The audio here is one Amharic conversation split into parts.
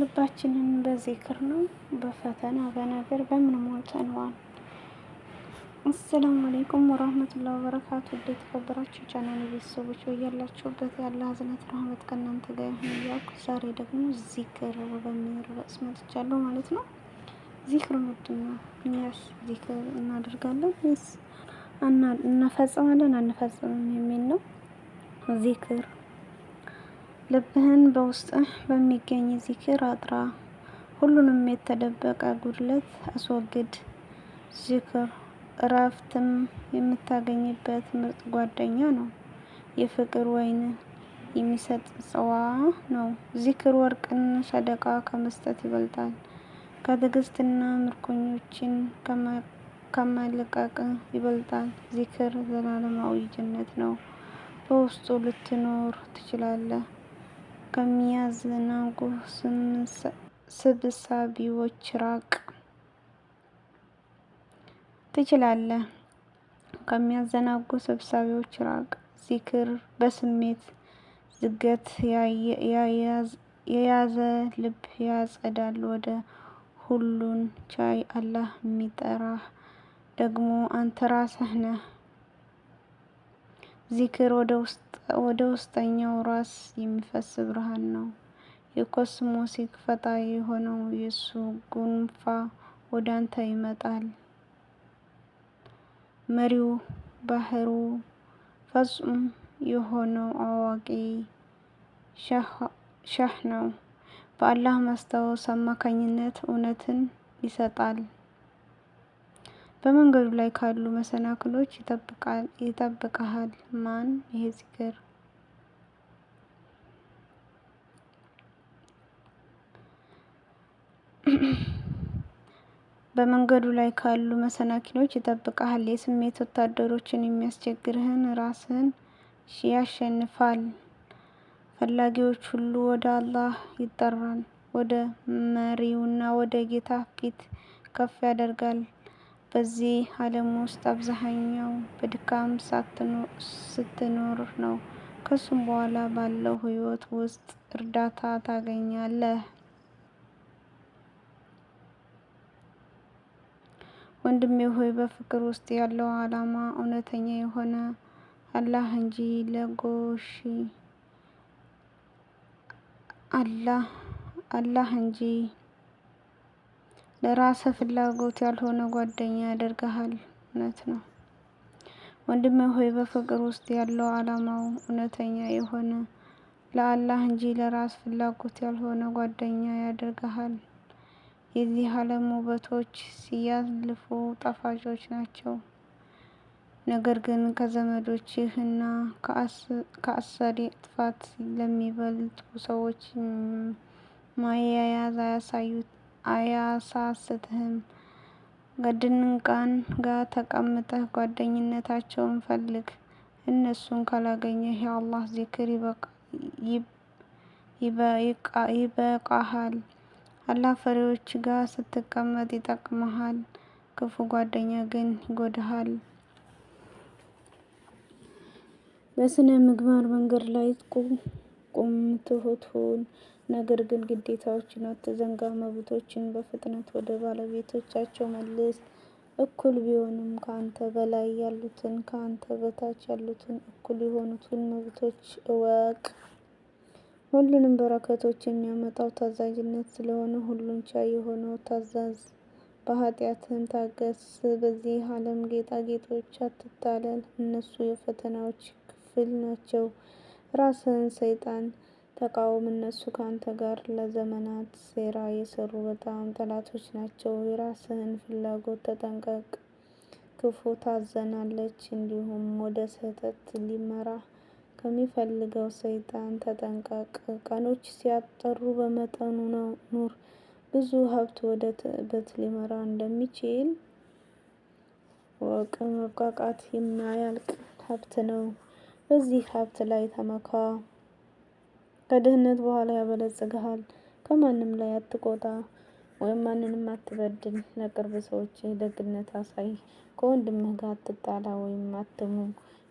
ልባችንን በዚክር ነው፣ በፈተና በነገር በምንም ሞልተነዋል። አሰላሙ አለይኩም ወራህመቱላሂ ወበረካቱ። ውድ የተከበራችሁ ቻናል ቤተሰቦች በያላችሁበት ያለ ሀዝነት ረህመት ከእናንተ ጋር ይሁን እያልኩ ዛሬ ደግሞ ዚክር በሚል ርዕስ መጥቻለሁ ማለት ነው። ዚክር ምንድን ነው? እኛስ ዚክር እናደርጋለን ወይስ እናፈጽማለን አንፈጽምም የሚል ነው ዚክር ልብህን በውስጥህ በሚገኝ ዚክር አጥራ። ሁሉንም የተደበቀ ጉድለት አስወግድ። ዚክር እረፍትም የምታገኝበት ምርጥ ጓደኛ ነው። የፍቅር ወይን የሚሰጥ ጽዋ ነው። ዚክር ወርቅን ሰደቃ ከመስጠት ይበልጣል። ከትዕግስትና ምርኮኞችን ከማለቃቅ ይበልጣል። ዚክር ዘላለማዊ ጀነት ነው። በውስጡ ልትኖር ትችላለህ። ከሚያዘናጉ ስብሳቢዎች ራቅ ትችላለህ። ከሚያዘናጉ ሰብሳቢዎች ራቅ። ዚክር በስሜት ዝገት የያዘ ልብ ያጸዳል። ወደ ሁሉን ቻይ አላህ የሚጠራህ ደግሞ አንተ ራስህ ነህ። ዚክር ወደ ውስጥ ወደ ውስጠኛው ራስ የሚፈስ ብርሃን ነው። የኮስሞስ ፈጣሪ የሆነው የእሱ ጉንፋ ወደ አንተ ይመጣል። መሪው ባህሩ ፍጹም የሆነው አዋቂ ሻህ ነው። በአላህ ማስታወስ አማካኝነት እውነትን ይሰጣል። በመንገዱ ላይ ካሉ መሰናክሎች ይጠብቃል ማን ይሄ ዝክር? በመንገዱ ላይ ካሉ መሰናክሎች ይጠብቃል የስሜት ወታደሮችን የሚያስቸግርህን ራስህን ያሸንፋል። ፈላጊዎች ሁሉ ወደ አላህ ይጠራል፣ ወደ መሪውና ወደ ጌታ ፊት ከፍ ያደርጋል። በዚህ ዓለም ውስጥ አብዛኛው በድካም ስትኖር ነው። ከሱም በኋላ ባለው ህይወት ውስጥ እርዳታ ታገኛለህ። ወንድሜ ሆይ በፍቅር ውስጥ ያለው ዓላማ እውነተኛ የሆነ አላህ እንጂ ለጎሺ አላህ አላህ እንጂ ለራስ ፍላጎት ያልሆነ ጓደኛ ያደርግሃል። እውነት ነው ወንድም ሆይ በፍቅር ውስጥ ያለው ዓላማው እውነተኛ የሆነ ለአላህ እንጂ ለራስ ፍላጎት ያልሆነ ጓደኛ ያደርግሃል። የዚህ ዓለም ውበቶች ሲያልፉ ጣፋጮች ናቸው። ነገር ግን ከዘመዶችህ እና ከአሰሪ ጥፋት ለሚበልጡ ሰዎች ማያያዝ አያሳዩት አያሳስትህም። ከድንቃን ጋር ተቀምጠህ ጓደኝነታቸውን ፈልግ። እነሱን ካላገኘህ የአላህ ዚክር ይበቃሃል። አላህ ፈሪዎች ጋር ስትቀመጥ ይጠቅመሃል! ክፉ ጓደኛ ግን ይጎዳሃል። በስነ ምግባር መንገድ ላይ ቁም ትሁን። ነገር ግን ግዴታዎችን ተዘንጋ መብቶችን በፍጥነት ወደ ባለቤቶቻቸው መልስ። እኩል ቢሆንም ከአንተ በላይ ያሉትን ከአንተ በታች ያሉትን እኩል የሆኑትን መብቶች እወቅ። ሁሉንም በረከቶች የሚያመጣው ታዛዥነት ስለሆነ ሁሉን ቻይ የሆነው ታዛዝ። በኃጢአትህም ታገስ። በዚህ ዓለም ጌጣጌጦች አትታለል፣ እነሱ የፈተናዎች ክፍል ናቸው። ራስህን ሰይጣን ተቃውም እነሱ ከአንተ ጋር ለዘመናት ሴራ የሰሩ በጣም ጠላቶች ናቸው። የራስህን ፍላጎት ተጠንቀቅ። ክፉ ታዘናለች። እንዲሁም ወደ ስህተት ሊመራ ከሚፈልገው ሰይጣን ተጠንቀቅ። ቀኖች ሲያጠሩ በመጠኑ ነው ኑር። ብዙ ሀብት ወደ ትዕበት ሊመራ እንደሚችል ወቅ። መብቃቃት የማያልቅ ሀብት ነው። በዚህ ሀብት ላይ ተመካ። ከድህነት በኋላ ያበለጽግሃል። ከማንም ላይ አትቆጣ ወይም ማንንም አትበድል። ለቅርብ ሰዎች ደግነት አሳይ። ከወንድምህ ጋር አትጣላ ወይም አትሙ።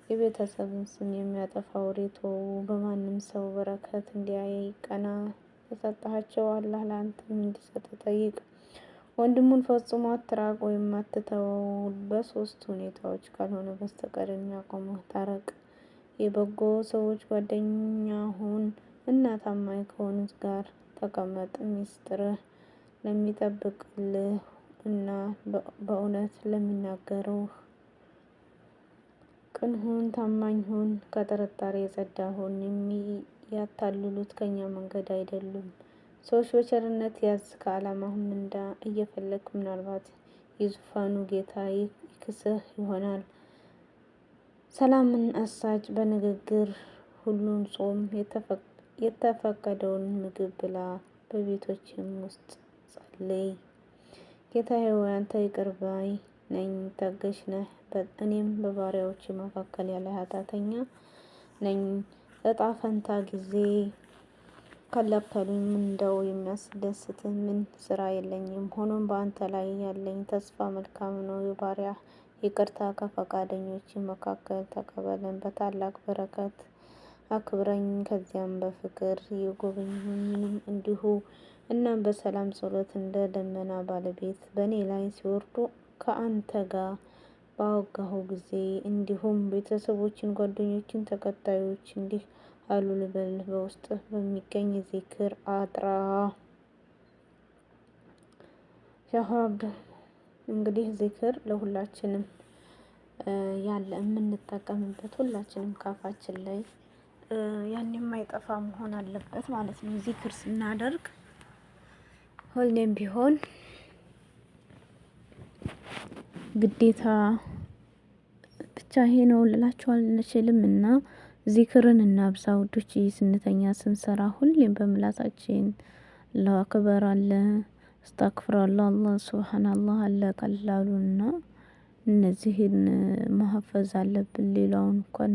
የቤተሰብን ስም የሚያጠፋ ወሬ ተወው። በማንም ሰው በረከት ቀና ተሰጣቸው አላህ ለአንተም እንዲሰጥ ጠይቅ። ወንድሙን ፈጽሞ አትራቅ ወይም አትተወው። በሶስት ሁኔታዎች ካልሆነ በስተቀር የሚያቆምህ ታረቅ። የበጎ ሰዎች ጓደኛ ሁን። እና ታማኝ ከሆኑት ጋር ተቀመጥ፣ ሚስጥር ለሚጠብቅልህ እና በእውነት ለሚናገረው ቅን ሁን፣ ታማኝ ሁን፣ ከጥርጣሬ የጸዳ ሁን። የሚያታልሉት ከኛ መንገድ አይደሉም። ሰዎች በቸርነት ያዝ፣ ከዓላማህ ምንዳ እየፈለግ ምናልባት የዙፋኑ ጌታ ይክስህ ይሆናል። ሰላምን አሳጭ በንግግር ሁሉን ጾም የተፈ የተፈቀደውን ምግብ ብላ፣ በቤቶችም ውስጥ ጸልይ። ጌታዬ ሆይ አንተ ይቅር ባይ ነኝ፣ ታጋሽ ነህ። እኔም በባሪያዎች መካከል ያለ ኃጢአተኛ ነኝ። እጣ ፈንታ ጊዜ ከለከሉኝ። እንደው የሚያስደስት ምን ስራ የለኝም። ሆኖም በአንተ ላይ ያለኝ ተስፋ መልካም ነው። የባሪያ ይቅርታ ከፈቃደኞች መካከል ተቀበለን። በታላቅ በረከት አክብረኝ ከዚያም በፍቅር የጎበኙኝንም እንዲሁ። እናም በሰላም ጸሎት እንደ ደመና ባለቤት በእኔ ላይ ሲወርዱ ከአንተ ጋር ባወጋሁ ጊዜ እንዲሁም ቤተሰቦችን፣ ጓደኞችን፣ ተከታዮች እንዲህ አሉ ልበል በውስጥ በሚገኝ ዚክር አጥራ ሸሃብ እንግዲህ ዚክር ለሁላችንም ያለ የምንጠቀምበት ሁላችንም ካፋችን ላይ ያን የማይጠፋ መሆን አለበት ማለት ነው። ዚክር ስናደርግ ሁሌም ቢሆን ግዴታ ብቻ ይሄ ነው ልላችሁ አንችልም እና ዚክርን እናብዛ ውዶች። ስንተኛ ስንሰራ ሁሌም በምላሳችን አላሁ አክበር አለ፣ አስተግፍሩላህ አለ፣ ሱብሃነላህ አለ ቀላሉና እነዚህን ማህፈዝ አለብን ሌላውን እንኳን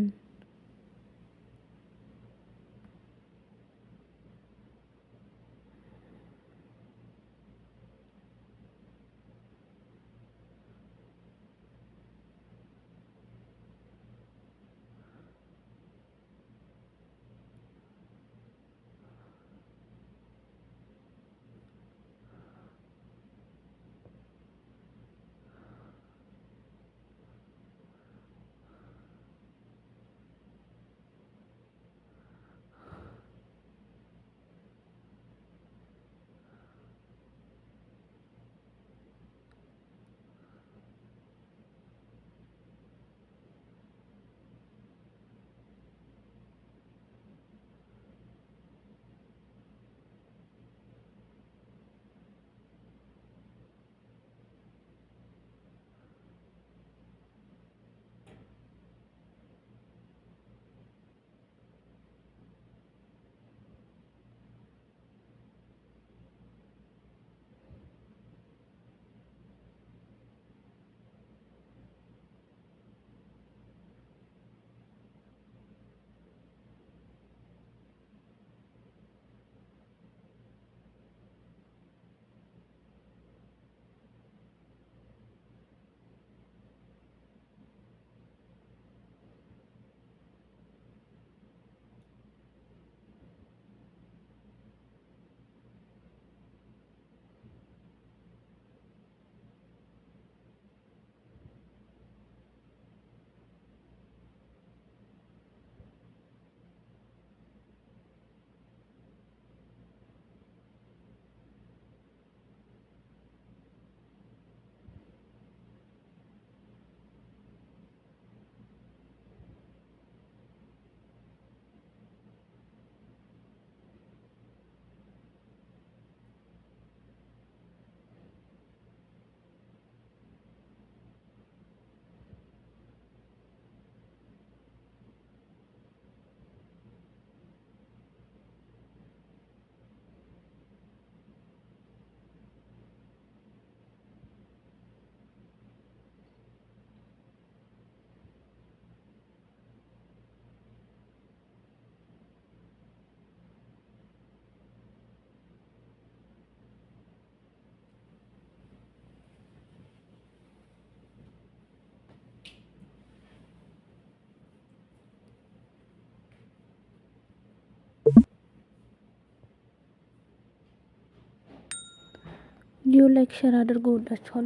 ቪዲዮ ላይክ ሸር አድርጎ እወዳችኋለሁ